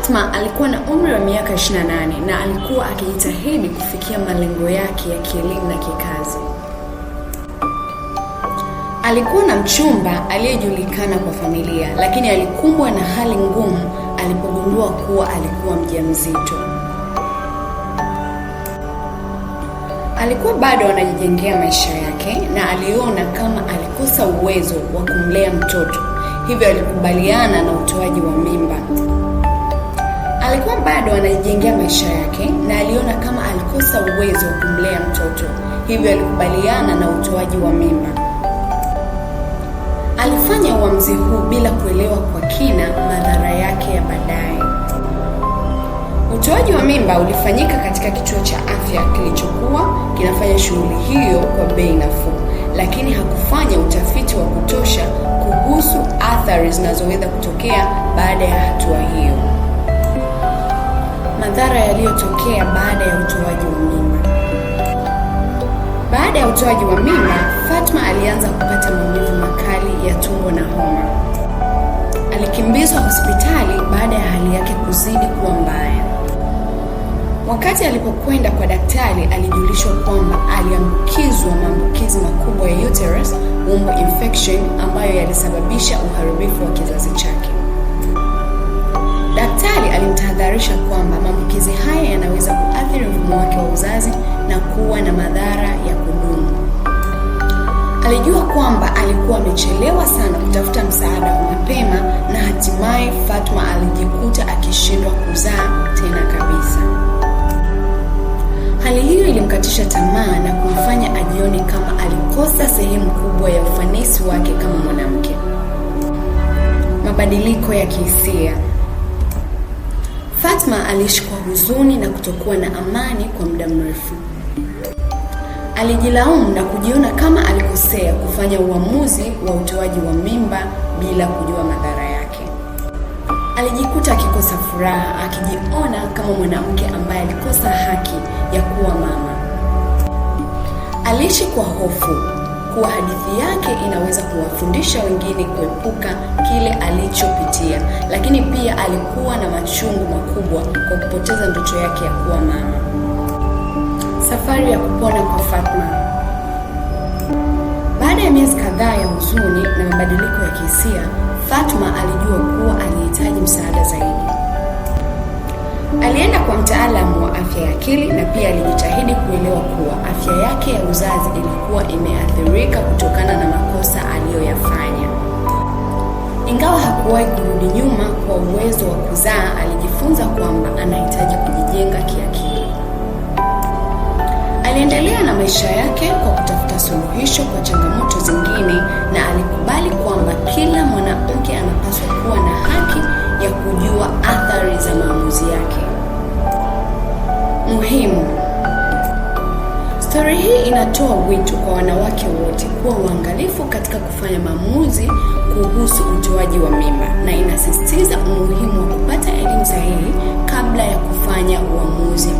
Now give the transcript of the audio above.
Fatma alikuwa na umri wa miaka 28 na alikuwa akijitahidi kufikia malengo yake ya kielimu na kikazi. Alikuwa na mchumba aliyejulikana kwa familia, lakini alikumbwa na hali ngumu alipogundua kuwa alikuwa mjamzito. Alikuwa bado anajijengea maisha yake na aliona kama alikosa uwezo wa kumlea mtoto, hivyo alikubaliana na utoaji wa mimba. Alikuwa bado anajijengea maisha yake na aliona kama alikosa uwezo wa kumlea mtoto, hivyo alikubaliana na utoaji wa mimba. Alifanya uamzi huu bila kuelewa kwa kina madhara yake ya baadaye. Utoaji wa mimba ulifanyika katika kituo cha afya kilichokuwa kinafanya shughuli hiyo kwa bei nafuu, lakini hakufanya utafiti wa kutosha kuhusu athari zinazoweza kutokea baada ya hatua hiyo madhara yaliyotokea baada ya utoaji wa mimba. Baada ya utoaji wa mimba, Fatma alianza kupata maumivu makali ya tumbo na homa. Alikimbizwa hospitali baada ya hali yake kuzidi kuwa mbaya. Wakati alipokwenda kwa daktari, alijulishwa kwamba aliambukizwa maambukizi makubwa ya uterus womb infection ambayo yalisababisha uharibifu wa kizazi chake anatahadharisha kwamba maambukizi haya yanaweza kuathiri mfumo wake wa uzazi na kuwa na madhara ya kudumu. Alijua kwamba alikuwa amechelewa sana kutafuta msaada wa mapema na hatimaye Fatma alijikuta akishindwa kuzaa tena kabisa. Hali hiyo ilimkatisha tamaa na kumfanya ajione kama alikosa sehemu kubwa ya ufanisi wake kama mwanamke. Mabadiliko ya kihisia Fatma aliishi kwa huzuni na kutokuwa na amani kwa muda mrefu. Alijilaumu na kujiona kama alikosea kufanya uamuzi wa utoaji wa mimba bila kujua madhara yake. Alijikuta akikosa furaha, akijiona kama mwanamke ambaye alikosa haki ya kuwa mama. Aliishi kwa hofu kuwa hadithi yake inaweza kuwafundisha wengine kuepuka kile alichopitia, lakini pia alikuwa na machungu makubwa kwa kupoteza ndoto yake ya kuwa mama. Safari ya kupona kwa Fatma. Baada ya miezi kadhaa ya huzuni na mabadiliko ya kihisia, Fatma alijua kuwa alihitaji msaada zaidi. Alienda kwa mtaalamu wa afya ya akili na pia alijitahidi kuelewa kuwa afya yake ya uzazi ilikuwa imeathirika kutokana na makosa aliyoyafanya. Ingawa hakuwahi kurudi nyuma kwa uwezo wa kuzaa, alijifunza kwamba anahitaji kujijenga kiakili. Aliendelea na maisha yake kwa kutafuta suluhisho kwa hii inatoa wito kwa wanawake wote kuwa uangalifu katika kufanya maamuzi kuhusu utoaji wa mimba na inasisitiza umuhimu wa kupata elimu sahihi kabla ya kufanya uamuzi.